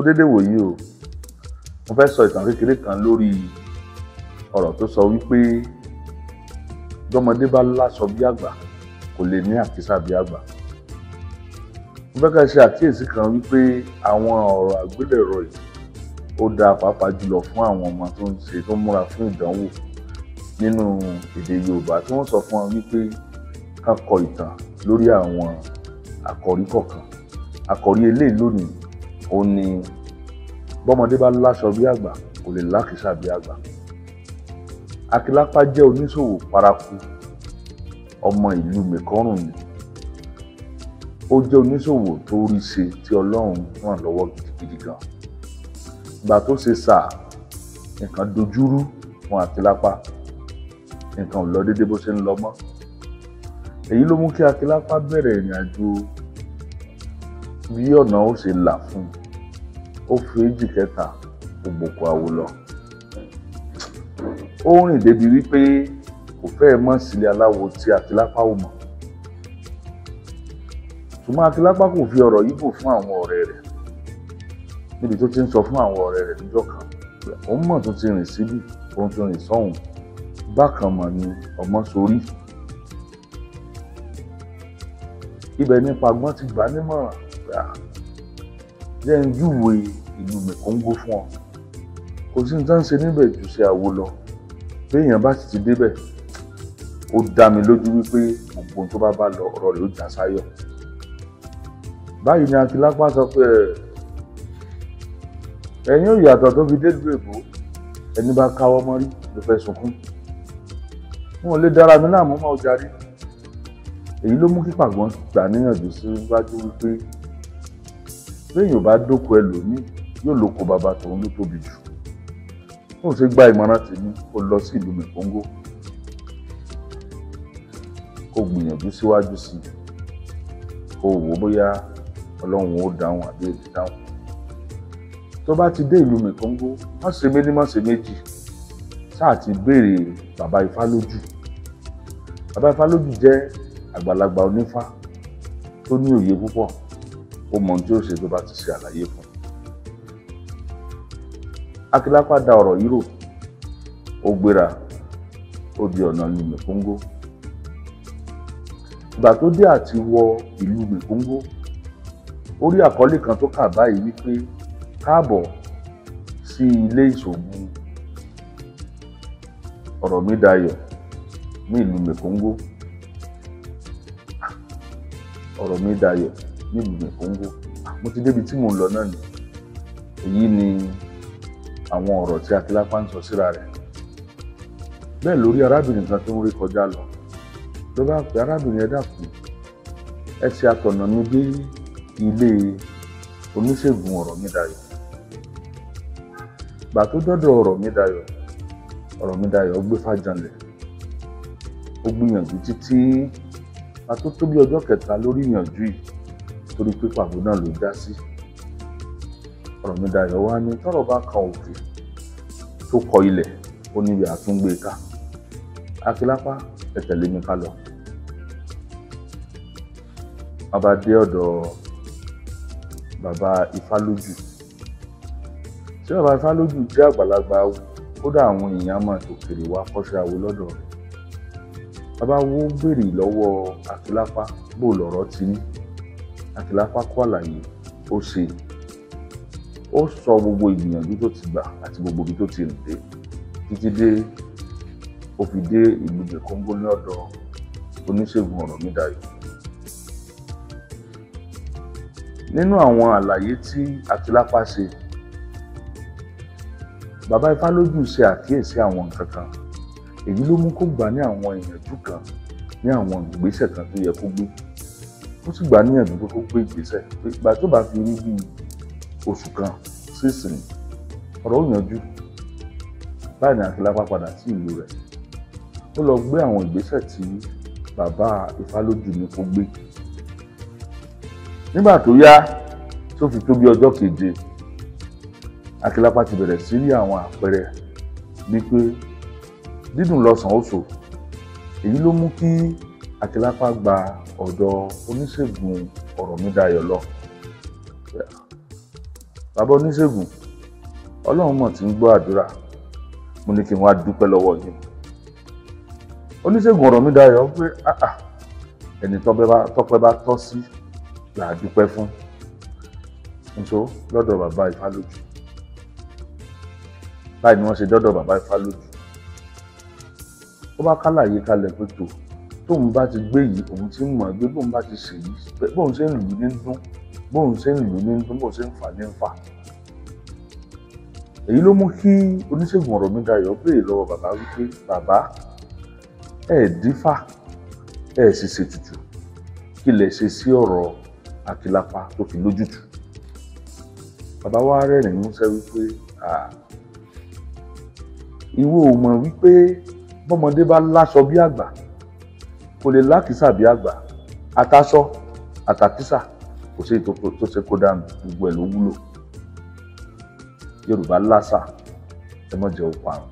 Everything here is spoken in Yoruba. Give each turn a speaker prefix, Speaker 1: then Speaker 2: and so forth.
Speaker 1: kú dédé wòyí o mo fẹ́ sọ ìtàn kékeré kan lórí ọ̀rọ̀ tó sọ wípé gbọ́mọdé bá láṣọ bí àgbà kò lè ní àkísà bí àgbà mo fẹ́ ká ṣe àkíyèsí kan wípé àwọn ọ̀rọ̀ àgbélẹ̀rọ yìí ó dáa pàápàá jùlọ fún àwọn ọmọ tó ń ṣe tó ń múra fún ìdánwò nínú èdè Yorùbá tí wọ́n sọ fún wọn wípé ká kọ ìtàn lórí àwọn àkọ́rí kọ̀ọ̀kan àkọ́rí eléyìí lónìí ó ní bọ́mọdé bá láṣọ bí àgbà kò lè lákìsà bí àgbà akílápá jẹ́ oníṣòwò paraku ọmọ ìlú mẹ́kọ́rùn ni ó jẹ́ oníṣòwò tó rí ṣe tí ọlọ́run ràn lọ́wọ́ gidigidi gan gbà tó ṣe sáà nǹkan dojúrú fún akílápá nǹkan ò lọ déédéé bó ṣe ń lọ mọ́ èyí ló mú kí akílápá bẹ̀rẹ̀ ìrìn àjò bí ọ̀nà ó ṣe là fún un ó fèéjì kẹta ògbòkò àwò lọ ó rìn débi wípé kò fẹ́ẹ̀ mọ̀ sílé aláwo tí àtilápá ò mọ̀ ṣùgbọ́n àtilápá kò fi ọ̀rọ̀ yìí bò fún àwọn ọ̀rẹ́ rẹ̀ níbi tó ti ń sọ fún àwọn ọ̀rẹ́ rẹ̀ níjọ́ kan òun mọ̀ tó ti rìn síbi òun tó rìn sọ́hùn bákan mọ̀ ni ọmọ sorí ibẹ̀ nípa gbọ́n ti gbà nímọ̀ràn Ah. jẹ́ ń júwe ìlú mẹ̀kóńgó fún ọ kò sí ní tá ń ṣe níbẹ̀ jù ṣe àwo lọ béèyàn bá sì ti débẹ̀ ó dá mi lójú wípé gbogbo ohun tó bá bá lọ ọ̀rọ̀ rẹ̀ ó já sáyọ̀ báyìí ni akínlápá sọ pé ẹ̀yin ò yàtọ̀ tó fi délùú èbó ẹni bá káwọ́ mọ́rí ló fẹ́ sunkún wọn ò lè dára mi láàmú máa ó jarí èyí ló mú kí pàgbọ́n gbà níyànjú síwájú wípé lẹ́yìn ò bá dóko ẹlòmíì yóò lóko bàbá tòun ló tóbi jù tó ń ṣe gba ìmọ̀ràn tèmi kó lọ sí ìlú mẹ̀kóńgó kó gbìyànjú síwájú sí i kó wò bóyá ọlọ́run ó dáhùn àbí òbí dáhùn tó bá ti dé ìlú mẹ̀kóńgó má ṣe méjì má ṣe méjì sáà ti béèrè bàbá ifá lójú bàbá ifá lójú jẹ́ àgbàlagbà onífá tó ní òye púpọ̀ ó mọ ohun tí ó ṣe tó bá ti ṣe àlàyé fún un. akílápá da ọ̀rọ̀ yìí rò ó gbéra ó di ọ̀nà ìlú mẹ̀kóńgó ìgbà tó dé àti wọ ìlú mẹ̀kóńgó ó rí àkọlé kan tó kà báyìí wípé káàbọ̀ sí ilé ìṣògùn ọ̀rọ̀ mi dayọ̀ ní ìlú mẹ̀kóńgó ah, ọ̀rọ̀ mi dayọ̀ ní ibùgbìn kóńgò mo ti débi tí mò ń lọ náà nì èyí ni àwọn ọ̀rọ̀ tí akílápá ń sọ síra rẹ̀ bẹ́ẹ̀ lórí arábìnrin kan tó ń rí kọjá lọ ló bá pe arábìnrin ẹ dákun ẹ ti atọ̀nà mi dé ilé oníṣègùn ọ̀rọ̀ mi dayọ̀ gbà tó dọ́dọ̀ ọ̀rọ̀ mi dayọ̀ ọ̀rọ̀ mi dayọ̀ gbé fàjànlẹ̀ ó gbìyànjú títí a tó tó bí ọjọ́ kẹta lórí ìyànjú yìí torí pé pàbó náà ló dá sí ọ̀rọ̀mídayọ̀ wá ní tọ́rọ̀ bá kan òkè tó kọ ilẹ̀ ó níbi àtúngbé ká akílápá ẹ tẹ̀lé mi ká lọ wọ́n bá dé ọ̀dọ̀ bàbá ifálójú tí bàbá ifálójú jẹ́ àgbàlagbà kódà àwọn èèyàn máa tó kéré wá kọ́ṣẹ́ awo lọ́dọ̀ rẹ̀ bàbá wo béèrè lọ́wọ́ akílápá bó lọ̀rọ̀ ti ní àti lápákó àlàyé ó ṣe ó sọ gbogbo ìgbìyànjú tó ti gbà àti gbogbo ibi tó ti rìn dé títí dé ó fi dé ìlúgbẹ kóńgó ní ọ̀dọ̀ oníṣègùn Ọ̀rànmídayọ̀ nínú àwọn àlàyé tí àtìlápá ṣe bàbá ifálójú ṣe àkíyèsí àwọn nǹkan kan èyí ló mú kó gbà ní àwọn ìyànjú kan ní àwọn ìgbésẹ̀ kan tó yẹ kó gbé ó sì gbà níyànjú pé kó gbé ìgbésẹ̀ pé ìgbà tó bá fi rí bí oṣù kan sísìn ọ̀rọ̀ ó yanjú báyìí ni Akínlápá padà sí ìlú rẹ̀ ó lọ gbé àwọn ìgbésẹ̀ tí bàbá Ifálójú ní kó gbé nígbà tó yá tó fi tó bí ọjọ́ keje Akínlápá ti bẹ̀rẹ̀ sí ní àwọn àpẹẹrẹ wípé dídùn lọ́sàn-án ó so èyí ló mú kí àti lápá gba ọ̀dọ̀ oníṣègùn Ọ̀rọ̀mídayọ̀ lọ. bàbá oníṣègùn ọlọ́run mọ̀ tí ń gbọ́ àdúrà mo ní kí n wá dúpẹ́ lọ́wọ́ yín. oníṣègùn Ọ̀rọ̀mídayọ̀ pé ẹni tọ́pẹ́ bá tọ́ sí là á dúpẹ́ fún nso lọ́dọ̀ bàbá Ifálójú báyìí ni wọ́n ṣe dọ́dọ̀ bàbá Ifálójú ó bá kálàyé kalẹ̀ pé tòó tóun bá ti gbé yìí òun ti mọ̀ gbé bóun bá ti ṣe yìí bóun ṣe ń lù ní dún bóun ṣe ń lù ní dún bóun ṣe ń fà ní fà. èyí ló mú kí oníṣègùn ọ̀rọ̀ mi dayọ̀ béèrè lọ́wọ́ bàbá wípé bàbá ẹ̀ dífà ẹ̀ sì ṣètùtù kí lẹ̀ ṣe sí ọ̀rọ̀ àkìlapa tó fi lójútù. bàbá wa rẹ́rìn músẹ́ wípé ìwọ ò mọ̀ wípé bọ́mọdé bá láṣọ bí àgbà kò lè lákìsà bí àgbà àtàṣọ àtàkísà kò sí tó ṣe kó dànù gbogbo ẹ̀ ló wúlò yorùbá lásà ẹ mọ̀ jẹ́ òparun.